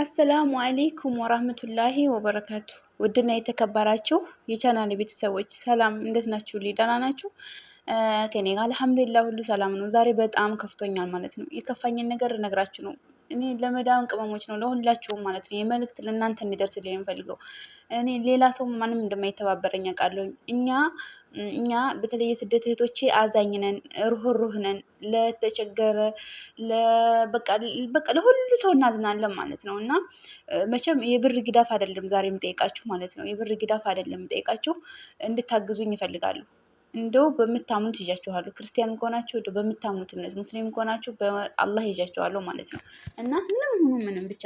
አሰላሙ አሌይኩም ወራህመቱላሂ ወበረካቱ። ውድና የተከበራችሁ የቻናል ቤተሰቦች ሰላም፣ እንዴት ናችሁ? ደህና ናችሁ? ከኔ ጋር አልሐምዱሊላህ ሁሉ ሰላም ነው። ዛሬ በጣም ከፍቶኛል ማለት ነው። የከፋኝን ነገር እነግራችሁ ነው። እኔ ለመዳን ቅመሞች ነው ለሁላችሁም ማለት ነው የመልእክት ለእናንተ እንዲደርስልኝ የምፈልገው። እኔ ሌላ ሰው ማንም እንደማይተባበረኝ አውቃለሁ። እኛ እኛ በተለይ የስደት እህቶቼ አዛኝነን ነን፣ ለተቸገረ በቃ ለሁሉ ሰው እናዝናለን ማለት ነው። እና መቼም የብር ግዳፍ አይደለም ዛሬ የምጠይቃችሁ ማለት ነው። የብር ግዳፍ አይደለም የምጠይቃችሁ፣ እንድታግዙኝ ይፈልጋሉ። እንደው በምታምኑት ይዣችኋለሁ። ክርስቲያን ከሆናችሁ እንደው በምታምኑት እምነት፣ ሙስሊም ከሆናችሁ በአላህ ይዣችኋለሁ ማለት ነው። እና ምንም ሁኑ ምንም ብቻ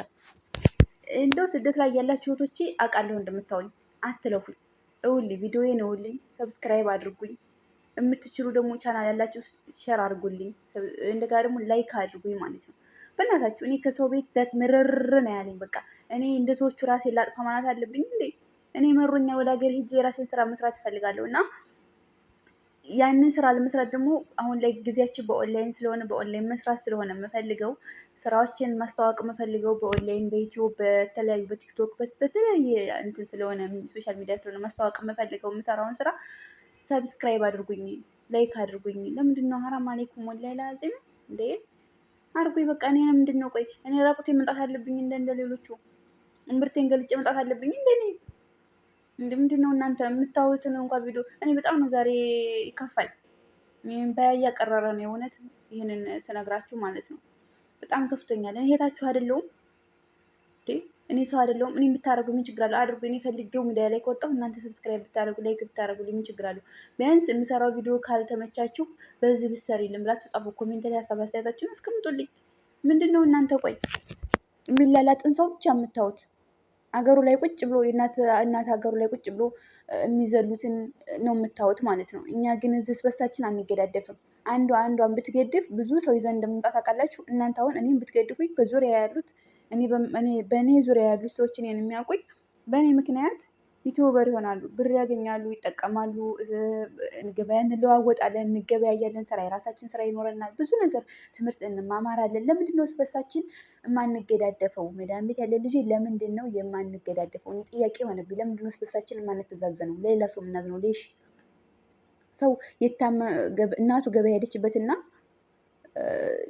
እንደው ስደት ላይ ያላችሁ እህቶቼ አውቃለሁ እንደምታውኝ፣ አትለፉኝ፣ እውልኝ፣ ቪዲዮዬን እውልኝ፣ ሰብስክራይብ አድርጉኝ። የምትችሉ ደግሞ ቻናል ያላችሁ ሸር አድርጉልኝ፣ እንደጋ ደግሞ ላይክ አድርጉኝ ማለት ነው። በእናታችሁ እኔ ከሰው ቤት ዳት ምርር ነው ያለኝ። በቃ እኔ እንደ ሰዎቹ ራሴን ላጥፋ ማለት አለብኝ እንዴ? እኔ መሮኛ ወደ ሀገር ሄጄ የራሴን ስራ መስራት እፈልጋለሁ እና ያንን ስራ ለመስራት ደግሞ አሁን ላይ ጊዜያችን በኦንላይን ስለሆነ በኦንላይን መስራት ስለሆነ የምፈልገው ስራዎችን ማስተዋወቅ የምፈልገው በኦንላይን በዩቲዩብ በተለያዩ በቲክቶክ በተለያየ እንትን ስለሆነ ሶሻል ሚዲያ ስለሆነ ማስተዋወቅ የምፈልገው የምሰራውን ስራ ሰብስክራይብ አድርጉኝ፣ ላይክ አድርጉኝ። ለምንድን ነው ሀራም አሌይኩም ወላይ ላዚም እንዴ አድርጉኝ። በቃ እኔ ምንድን ነው ቆይ እኔ ራቁቴ መምጣት አለብኝ እንደ እንደሌሎቹ እምብርቴን ገልጬ መምጣት አለብኝ እንደኔ ምንድን ነው እናንተ የምታዩትን እንኳን ቪዲዮ እኔ በጣም ነው ዛሬ ይከፋኝ። በያ እያቀረረ ነው የእውነት ይህንን ስነግራችሁ ማለት ነው። በጣም ከፍቶኛል። እኔ እህታችሁ አይደለሁም እኔ ሰው አይደለሁም። እኔ ብታደርጉ ምን ችግር አለው? አድርጉ። እኔ ፈልጌው ሚዲያ ላይ ከወጣሁ እናንተ ሰብስክራይብ ብታደርጉ፣ ላይክ ብታደርጉ ምን ችግር አለው? ቢያንስ የምሰራው ቪዲዮ ካልተመቻችሁ በዚህ ብትሰሪ ብላችሁ ጻፉ። ኮሜንት ላይ ሀሳብ አስተያየታችሁን አስቀምጡልኝ። ምንድን ነው እናንተ ቆይ የሚላላጥን ሰው ብቻ የምታዩት? አገሩ ላይ ቁጭ ብሎ እናት ሀገሩ ላይ ቁጭ ብሎ የሚዘሉትን ነው የምታዩት ማለት ነው። እኛ ግን እዚህ በሳችን አንገዳደፍም። አንዷ አንዷን ብትገድፍ ብዙ ሰው ይዘን እንደምንጣት አውቃላችሁ። እናንተ አሁን እኔም ብትገድፉኝ በዙሪያ ያሉት በእኔ ዙሪያ ያሉት ሰዎች የሚያውቁኝ በእኔ ምክንያት ዩቲዩበር ይሆናሉ፣ ብር ያገኛሉ፣ ይጠቀማሉ፣ ገበያ እንለዋወጣለን፣ እንገበያያለን፣ ስራ የራሳችን ስራ ይኖረናል፣ ብዙ ነገር ትምህርት እንማማራለን። ለምንድን ነው ስበሳችን የማንገዳደፈው? መድኃኒት ያለ ልጅ ለምንድን ነው የማንገዳደፈው? እኔ ጥያቄ ሆነብኝ። ለምንድን ነው ስበሳችን የማንተዛዘነው? ለሌላ ሰው የምናዝነው ሌሽ ሰው እናቱ ገበያ ሄደችበትና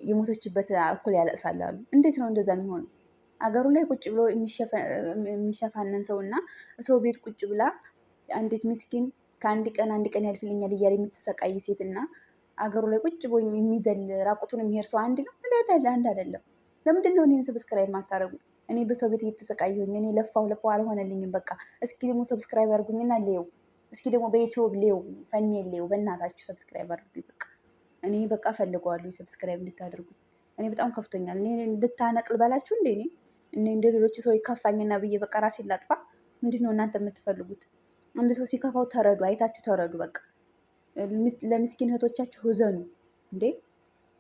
የሞተችበት እኩል ያለቅሳሉ። እንዴት ነው እንደዛ የሚሆነው? አገሩ ላይ ቁጭ ብሎ የሚሸፋነን ሰው እና ሰው ቤት ቁጭ ብላ አንዴት ምስኪን ከአንድ ቀን አንድ ቀን ያልፍልኛል እያለ የምትሰቃይ ሴት እና አገሩ ላይ ቁጭ ብሎ የሚዘል ራቁቱን የሚሄድ ሰው አንድ ነው? አንድ አይደለም። ለምንድን ነው እኔን ሰብስክራይብ ማታደረጉ? እኔ በሰው ቤት እየተሰቃየሁኝ እኔ ለፋው ለፋው አልሆነልኝም። በቃ እስኪ ደግሞ ሰብስክራይብ አድርጉኝና ሌው እስኪ ደግሞ በዩቲዩብ ሌው ፈኔ ሌው በእናታችሁ ሰብስክራይብ አድርጉኝ። በቃ እኔ በቃ ፈልገዋሉ ሰብስክራይብ እንድታደርጉኝ። እኔ በጣም ከፍቶኛል። እኔ ልታነቅል በላችሁ እንዴ እኔ እንደ ሌሎች ሰው ይከፋኝና ብዬ በቃ ራሴን ላጥፋ። ምንድን ነው እናንተ የምትፈልጉት? አንድ ሰው ሲከፋው ተረዱ፣ አይታችሁ ተረዱ። በቃ ለምስኪን እህቶቻችሁ ህዘኑ እንዴ።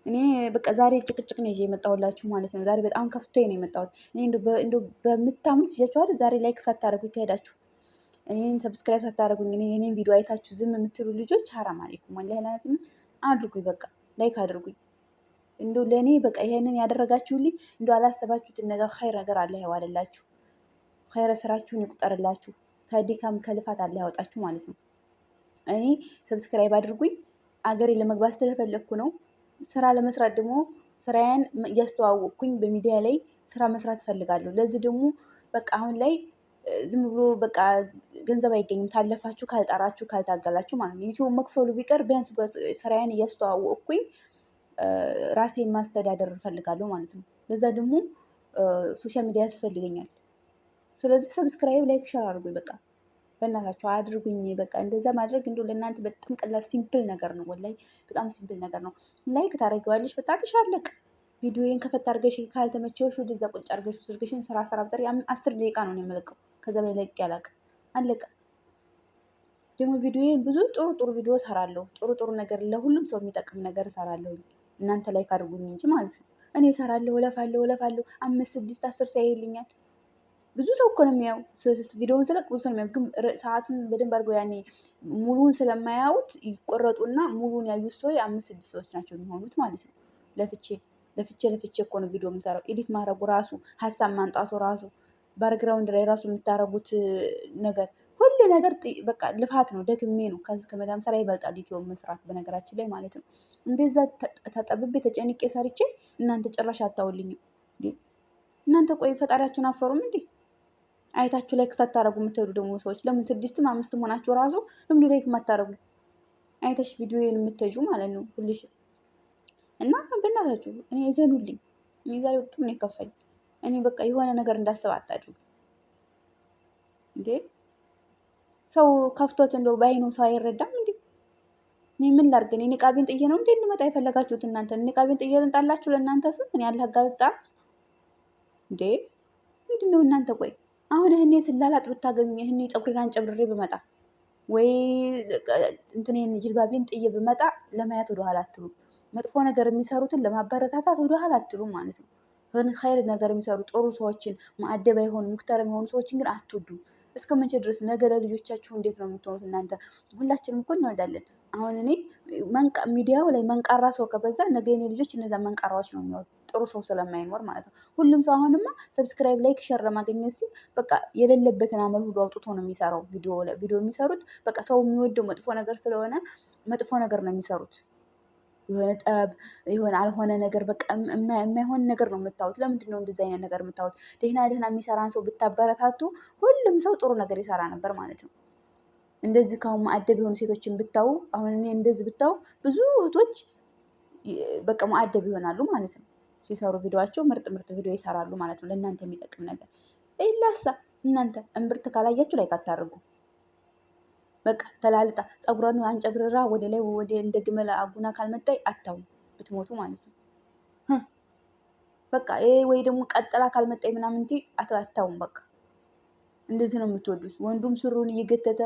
እኔ በቃ ዛሬ ጭቅጭቅ ነው ይዤ የመጣሁላችሁ ማለት ነው። ዛሬ በጣም ከፍቶ ነው የመጣሁት። እኔ እንደ በምታምኑት ይዣችኋል። ዛሬ ላይክ ሳታደርጉ ይካሄዳችሁ እኔን ሰብስክራይብ ሳታደርጉኝ እኔን ቪዲዮ አይታችሁ ዝም የምትሉ ልጆች ሀራም አለይኩም ወላሂ ላዚም አድርጉኝ። በቃ ላይክ አድርጉኝ። እንዶ ለእኔ በቃ ይሄንን ያደረጋችሁልኝ እንዶ አላሰባችሁትን ነገር ኸይር ነገር አለ ያዋልላችሁ፣ ኸይረ ስራችሁን ይቁጠርላችሁ፣ ከድካም ከልፋት አለ ያወጣችሁ ማለት ነው። እኔ ሰብስክራይብ አድርጉኝ፣ አገሬ ለመግባት ስለፈለግኩ ነው። ስራ ለመስራት ደግሞ ስራዬን እያስተዋወቅኩኝ በሚዲያ ላይ ስራ መስራት እፈልጋለሁ። ለዚህ ደግሞ በቃ አሁን ላይ ዝም ብሎ በቃ ገንዘብ አይገኝም፣ ታለፋችሁ፣ ካልጠራችሁ ካልታገላችሁ ማለት ነው። ዩቲዩብ መክፈሉ ቢቀር ቢያንስ ስራዬን እያስተዋወቅኩኝ ራሴን ማስተዳደር እፈልጋለሁ ማለት ነው። ለዛ ደግሞ ሶሻል ሚዲያ ያስፈልገኛል። ስለዚህ ሰብስክራይብ፣ ላይክ፣ ሸር አድርጉኝ። በቃ በእናታቸው አድርጉኝ። በቃ እንደዛ ማድረግ እንዲ ለእናንተ በጣም ቀላል ሲምፕል ነገር ነው። ወላይ በጣም ሲምፕል ነገር ነው። ላይክ ታደረጊዋለሽ፣ በጣቅሽ አለቅ ቪዲዮዬን ከፈት አድርገሽ ካልተመቸሽ ወደዛ ቁጭ አድርገሽ ስልክሽን ስራ ስራ ብጠሪ አስር ደቂቃ ነው የሚመለቀው። ከዛ በላይ ለቅ ያላቅ አለቀ። ደግሞ ቪዲዮዬን ብዙ ጥሩ ጥሩ ቪዲዮ ሰራለሁ። ጥሩ ጥሩ ነገር ለሁሉም ሰው የሚጠቅም ነገር እሰራለሁ። እናንተ ላይ ካድርጉኝ እንጂ ማለት ነው። እኔ እሰራለሁ፣ እለፋለሁ፣ እለፋለሁ አምስት ስድስት አስር ሰው ይሄልኛል። ብዙ ሰው እኮ ነው የሚያው ቪዲዮውን ስለቅ ብዙ ሰው ግን ሰዓቱን በደንብ አድርገው ያኔ ሙሉን ስለማያዩት ይቆረጡና ሙሉን ያዩት ሰው የአምስት ስድስት ሰዎች ናቸው የሚሆኑት ማለት ነው። ለፍቼ ለፍቼ ለፍቼ እኮ ነው ቪዲዮ የምሰራው። ኤዲት ማድረጉ ራሱ ሀሳብ ማንጣቱ ራሱ ባርግራውንድ ላይ ራሱ የምታደርጉት ነገር ሁሉ ነገር በቃ ልፋት ነው፣ ደክሜ ነው። ከዚህ ከመዳም ስራ ይበልጣል ዩቲዩብ መስራት በነገራችን ላይ ማለት ነው። እንደዛ ተጠብቤ ተጨንቄ ሰርቼ እናንተ ጭራሽ አታውልኝም። እናንተ ቆይ ፈጣሪያችሁን አፈሩም እንዴ? አይታችሁ ላይክ ሳታረጉ የምትሄዱ ደግሞ ሰዎች ለምን ስድስትም አምስትም ሆናችሁ ራሱ ለምንድን ላይክ የማታረጉ? አይተሽ ቪዲዮን የምትጁ ማለት ነው ሁልሽ እና በእናታችሁ እኔ ዘኑልኝ። እኔ ዛሬ በጣም ነው የከፋኝ። እኔ በቃ የሆነ ነገር እንዳስብ አታድርጉ እንዴ ሰው ከፍቶት እንደው በአይኑ ሰው አይረዳም እንዴ? እኔ ምን ላድርግ? እኔ ኒቃቤን ጥዬ ነው እንዴ እንመጣ የፈለጋችሁት እናንተ? ኒቃቤን ጥዬ ልንጣላችሁ ለእናንተ ስም? እኔ አላጋጣ እንዴ? ምንድን ነው እናንተ? ቆይ አሁን እህኔ ስላላጥ ብታገኙ እህኔ ፀጉሬን ጨብርሬ ብመጣ ወይ እንትኔን ጅልባቤን ጥዬ ብመጣ ለማየት ወደኋላ አትሉም። መጥፎ ነገር የሚሰሩትን ለማበረታታት ወደኋላ አትሉም ማለት ነው። ግን ኸይር ነገር የሚሰሩ ጥሩ ሰዎችን ማዕደብ የሆኑ ሙክተር የሆኑ ሰዎችን ግን አትወዱም። እስከ መቼ ድረስ ነገ ለልጆቻችሁ እንዴት ነው የምትሆኑት እናንተ? ሁላችንም እኮ እንወዳለን። አሁን እኔ ሚዲያው ላይ መንቃራ ሰው ከበዛ ነገ የኔ ልጆች እነዚ መንቃራዎች ነው የሚወጡ ጥሩ ሰው ስለማይኖር ማለት ነው። ሁሉም ሰው አሁንማ ሰብስክራይብ፣ ላይክ፣ ሸር ለማግኘት ሲል በቃ የሌለበትን አመል ሁሉ አውጥቶ ነው የሚሰራው። ቪዲዮ የሚሰሩት በቃ ሰው የሚወደው መጥፎ ነገር ስለሆነ መጥፎ ነገር ነው የሚሰሩት። የሆነ ጠብ የሆነ አልሆነ ነገር በቃ የማይሆን ነገር ነው የምታዩት። ለምንድን ነው እንደዚህ አይነት ነገር የምታዩት? ደህና ደህና የሚሰራን ሰው ብታበረታቱ ሁሉም ሰው ጥሩ ነገር ይሰራ ነበር ማለት ነው። እንደዚህ ካሁን ማዕደብ የሆኑ ሴቶችን ብታዩ፣ አሁን እኔ እንደዚህ ብታዩ ብዙ እህቶች በቃ ማዕደብ ይሆናሉ ማለት ነው። ሲሰሩ ቪዲዮቸው ምርጥ ምርጥ ቪዲዮ ይሰራሉ ማለት ነው። ለእናንተ የሚጠቅም ነገር ላሳ እናንተ እምብርት ካላያችሁ ላይ አታርጉ። በቃ ተላልጣ ፀጉሯን አንጨብርራ ወደ ላይ ወደ እንደ ግመል አጉና ካልመጣይ አታውም ብትሞቱ ማለት ነው። በቃ ይሄ ወይ ደግሞ ቀጥላ ካልመጣይ ምናምን አታውም። በቃ እንደዚህ ነው የምትወዱት። ወንዱም ስሩን እየገተተ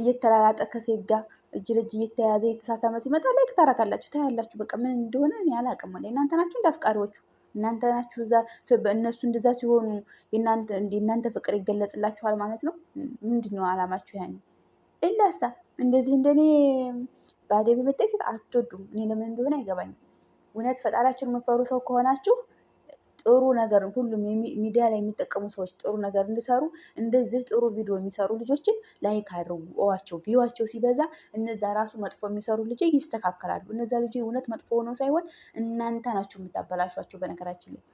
እየተላላጠ ከሴት ጋር እጅ ለእጅ እየተያዘ እየተሳሳመ ሲመጣ ላይክ ታረጋላችሁ፣ ታያላችሁ። በቃ ምን እንደሆነ እኔ አላቅም። እናንተ ናችሁ እንደ አፍቃሪዎቹ እናንተ ናችሁ እዛ እነሱ እንደዛ ሲሆኑ የእናንተ ፍቅር ይገለጽላችኋል ማለት ነው። ምንድን ነው አላማችሁ ያኔ? እላሳ እንደዚህ እንደኔ በአደብ የመጣች ሴት አትወዱም። እኔ ለምን እንደሆነ አይገባኝም። እውነት ፈጣሪያችን የምፈሩ ሰው ከሆናችሁ ጥሩ ነገር ሁሉም ሚዲያ ላይ የሚጠቀሙ ሰዎች ጥሩ ነገር እንዲሰሩ እንደዚህ ጥሩ ቪዲዮ የሚሰሩ ልጆችን ላይክ አድርጉ፣ እዋቸው። ቪዋቸው ሲበዛ እነዛ ራሱ መጥፎ የሚሰሩ ልጅ ይስተካከላሉ። እነዛ ልጅ እውነት መጥፎ ሆኖ ሳይሆን እናንተ ናችሁ የምታበላሿቸው። በነገራችን ላይ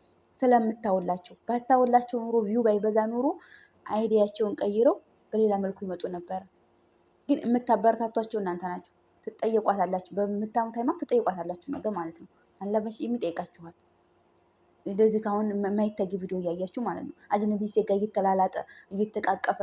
ስለምታውላቸው ባታውላቸው ኑሮ ቪው ባይበዛ ኑሮ አይዲያቸውን ቀይረው በሌላ መልኩ ይመጡ ነበር። ግን የምታበረታቷቸው እናንተ ናችሁ። ትጠየቋታላችሁ። በምታሙት ሃይማኖት ትጠየቋታላችሁ ነገር ማለት ነው። አላበሽ የሚጠይቃችኋል። እንደዚህ ካሁን የማይታይ ቪዲዮ እያያችሁ ማለት ነው። አጅነቢ ሴት ጋር እየተላላጠ እየተቃቀፈ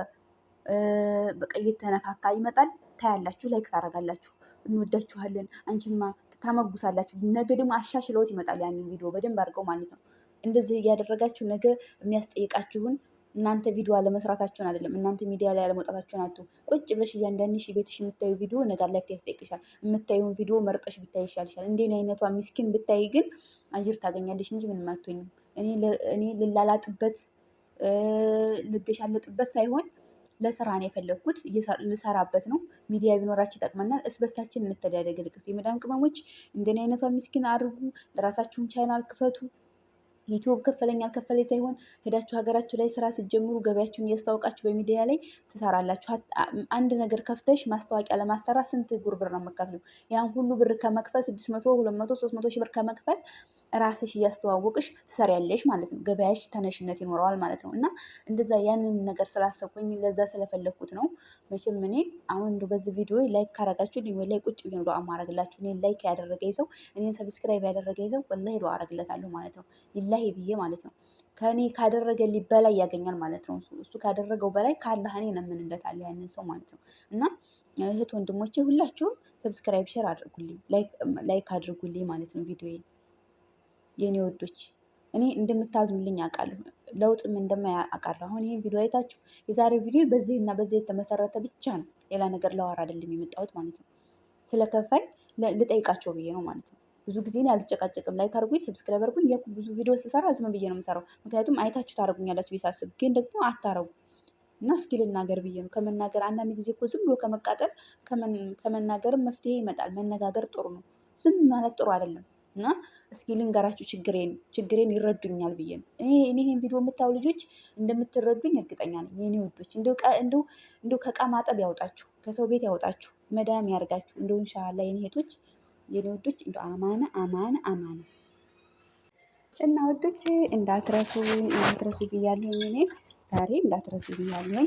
በቃ እየተነካካ ይመጣል። ታያላችሁ፣ ላይክ ታደርጋላችሁ። እንወዳችኋለን፣ አንቺማ ታመጉሳላችሁ። ነገ ደግሞ አሻሽለውት ይመጣል ያንን ቪዲዮ በደንብ አድርገው ማለት ነው። እንደዚህ እያደረጋችሁ ነገ የሚያስጠይቃችሁን እናንተ ቪዲዮ አለመስራታችሁን አይደለም፣ እናንተ ሚዲያ ላይ አለመውጣታችሁን አቱ ቁጭ ብለሽ እያንዳንድሽ ቤትሽ የምታዩ ቪዲዮ ነገ ላይፍ ያስጠይቅሻል። የምታዩን ቪዲዮ መርጠሽ ብታይ ይሻልሻል። እንዴን አይነቷ ሚስኪን ብታይ ግን አጅር ታገኛለሽ እንጂ ምንም አትሆኝም። እኔ ልላላጥበት ልገሻለጥበት ሳይሆን ለስራ ነው የፈለግኩት፣ ልሰራበት ነው። ሚዲያ ቢኖራችን ይጠቅመናል። እስበሳችን እንተዳደግ። ልቅስ የመዳም ቅመሞች እንደኔ አይነቷ ሚስኪን አድርጉ። ለራሳችሁን ቻናል ክፈቱ። ዩቲዩብ ከፈለኝ አልከፈለኝ ሳይሆን ሄዳችሁ ሀገራችሁ ላይ ስራ ስትጀምሩ ገበያችሁን እያስታወቃችሁ በሚዲያ ላይ ትሰራላችሁ። አንድ ነገር ከፍተሽ ማስታወቂያ ለማሰራ ስንት ጉር ብር ነው የምከፍለው? ያን ሁሉ ብር ከመክፈል ስድስት መቶ ሁለት መቶ ሶስት መቶ ሺህ ብር ከመክፈል ራስሽ እያስተዋወቅሽ ትሰሪያለሽ ማለት ነው። ገበያሽ ተነሽነት ይኖረዋል ማለት ነው። እና እንደዛ ያንን ነገር ስላሰብኩኝ ለዛ ስለፈለግኩት ነው። መቼም እኔ አሁን እንደ በዚህ ቪዲዮ ላይክ ካረጋችሁ ሊወ ላይ ቁጭ ብዬ ዱዓ አማረግላችሁ እኔን ላይክ ያደረገ ይዘው እኔን ሰብስክራይብ ያደረገ ይዘው ወላሂ ዱዓ አረግለታለሁ ማለት ነው። ሊላሂ ብዬ ማለት ነው። ከእኔ ካደረገ በላይ ያገኛል ማለት ነው። እሱ ካደረገው በላይ ካላህ እኔ እለምንለታለሁ ያንን ሰው ማለት ነው። እና እህት ወንድሞቼ ሁላችሁም ሰብስክራይብ ሼር አድርጉልኝ፣ ላይክ አድርጉልኝ ማለት ነው ቪዲዮ የኔ ወዶች እኔ እንደምታዝኑልኝ አውቃለሁ። ለውጥም እንደማያ አውቃለሁ። አሁን ይህን ቪዲዮ አይታችሁ የዛሬ ቪዲዮ በዚህና በዚህ የተመሰረተ ብቻ ነው። ሌላ ነገር ለዋራ አይደለም የመጣሁት ማለት ነው። ስለ ከፋኝ ልጠይቃቸው ብዬ ነው ማለት ነው። ብዙ ጊዜ አልጨቃጨቅም። ላይክ አድርጉኝ፣ ሰብስክራይብ አድርጉኝ። ያው ብዙ ቪዲዮ ስሰራ ዝም ብዬ ነው የምሰራው። ምክንያቱም አይታችሁ ታደርጉኛላችሁ ሳስብ፣ ግን ደግሞ አታረጉ እና እስኪ ልናገር ብዬ ነው ከመናገር አንዳንድ ጊዜ እኮ ዝም ብሎ ከመቃጠል ከመናገርም መፍትሄ ይመጣል። መነጋገር ጥሩ ነው። ዝም ማለት ጥሩ አይደለም። እና እስኪ ልንገራችሁ ችግሬን ችግሬን ይረዱኛል ብዬ ነው። እኔ ይህን ቪዲዮ የምታዩ ልጆች እንደምትረዱኝ እርግጠኛ ነኝ። የኔ ውዶች እንዲሁ ከዕቃ ማጠብ ያውጣችሁ፣ ከሰው ቤት ያውጣችሁ፣ መዳም ያርጋችሁ። እንዲሁ እንሻላ የኔ ሄቶች የኔ ውዶች እንዲ አማነ አማነ አማነ እና ውዶች እንዳትረሱ እንዳትረሱ ብያለሁ። እኔ ዛሬ እንዳትረሱ ብያለሁ።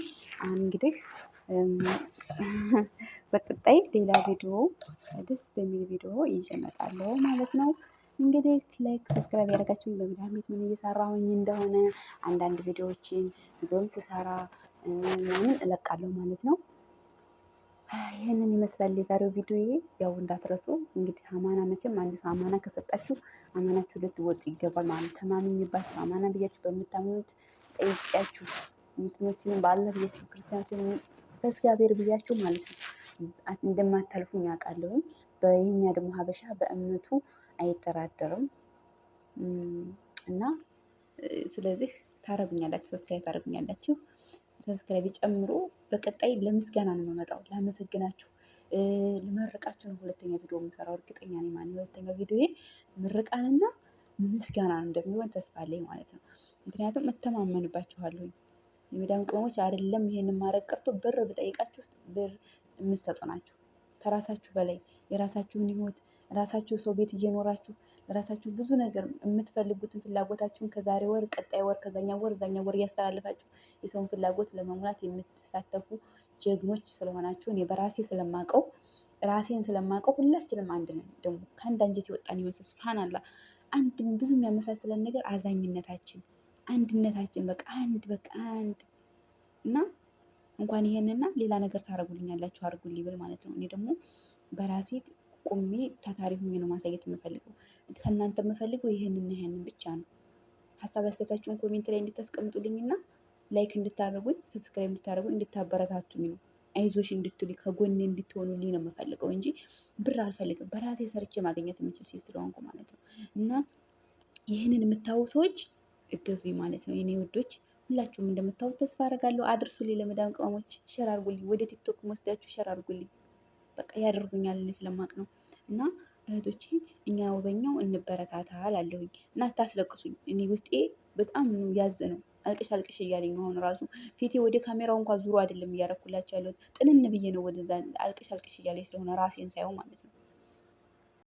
እንግዲህ በቀጣይ ሌላ ቪዲዮ ደስ የሚል ቪዲዮ ይዤ እመጣለሁ ማለት ነው። እንግዲህ ላይክ ሰብስክራይብ ያደረጋችሁኝ በመድኃኒት ምን እየሰራሁኝ እንደሆነ አንዳንድ ቪዲዮዎችን ቪዲዮም ስሰራ ምናምን እለቃለሁ ማለት ነው። ይህንን ይመስላል የዛሬው ቪዲዮ። ያው እንዳትረሱ እንግዲህ አማና መቼም አንድ ሰው አማና ከሰጣችሁ አማናችሁ ልትወጡ ይገባል ማለት ነው። ተማምኝባችሁ አማና ብያችሁ በምታምኑት ጠይቂያችሁ ሙስሊሞችንም በአላህ ብያችሁ ክርስቲያኖችን በእግዚአብሔር ብያችሁ ማለት ነው እንደማታልፉኝ አውቃለሁኝ በይህኛ ደግሞ ሀበሻ በእምነቱ አይደራደርም እና ስለዚህ ታረጉኛላችሁ፣ ሰብስክራይብ ታረጉኛላችሁ። ሰብስክራይብ ጨምሮ በቀጣይ ለምስጋና ነው የምመጣው። ላመሰግናችሁ ልመርቃችሁ ነው ሁለተኛ ቪዲዮ የምሰራው። እርግጠኛ ነኝ ማለት ሁለተኛ ቪዲዮ ምርቃንና ምስጋና ነው እንደሚሆን ተስፋ አለኝ ማለት ነው። ምክንያቱም እተማመንባችኋለሁ። የመዳም ቅመሞች አይደለም ይሄን ማድረግ ቀርቶ ብር ብጠይቃችሁ ብር የምትሰጡ ናችሁ። ከራሳችሁ በላይ የራሳችሁን ህይወት ራሳችሁ ሰው ቤት እየኖራችሁ ራሳችሁ ብዙ ነገር የምትፈልጉትን ፍላጎታችሁን ከዛሬ ወር ቀጣይ ወር ከዛኛ ወር እዛኛ ወር እያስተላለፋችሁ የሰውን ፍላጎት ለመሙላት የምትሳተፉ ጀግኖች ስለሆናችሁ እኔ በራሴ ስለማቀው ራሴን ስለማቀው ሁላችንም አንድ ነን። ደግሞ ከአንድ አንጀት የወጣን ይመስል ስብሃን አላ አንድ ብዙ የሚያመሳስለን ነገር አዛኝነታችን፣ አንድነታችን በቃ አንድ በቃ አንድ እና እንኳን ይሄንና ሌላ ነገር ታደርጉልኛላችሁ አድርጉልኝ ብል ማለት ነው። እኔ ደግሞ በራሴ ቁሜ ታታሪ ሁኜ ነው ማሳየት የምፈልገው። ከእናንተ የምፈልገው ይህንና ይህንን ብቻ ነው። ሀሳብ አስተያየታችሁን ኮሜንት ላይ እንድታስቀምጡልኝና ላይክ እንድታደርጉኝ ሰብስክራይብ እንድታደርጉኝ እንድታበረታቱኝ ነው። አይዞሽ እንድትሉኝ ከጎኔ እንድትሆኑልኝ ነው የምፈልገው እንጂ ብር አልፈልግም። በራሴ ሰርቼ ማግኘት የምችል ሴት ስለሆንኩ ማለት ነው። እና ይህንን የምታዩ ሰዎች እገዙኝ ማለት ነው የኔ ውዶች። ሁላችሁም እንደምታዩት ተስፋ አደርጋለሁ። አድርሱልኝ ለመዳን ቅመሞች ሸር አድርጉልኝ። ወደ ቲክቶክ ወስዳችሁ ሸር አድርጉልኝ። በቃ ያደርጉኛል እኔ ስለማቅ ነው እና እህቶቼ እኛ ወበኛው እንበረታታ አላለሁኝ እና ታስለቅሱኝ። እኔ ውስጤ በጣም ያዝ ነው አልቅሽ አልቅሽ እያለኝ አሁን ራሱ ፊቴ ወደ ካሜራው እንኳ ዙሮ አይደለም እያረኩላቸው ያለሁት ጥንን ብዬ ነው ወደዛ አልቅሽ አልቅሽ እያለኝ ስለሆነ ራሴን ሳየው ማለት ነው።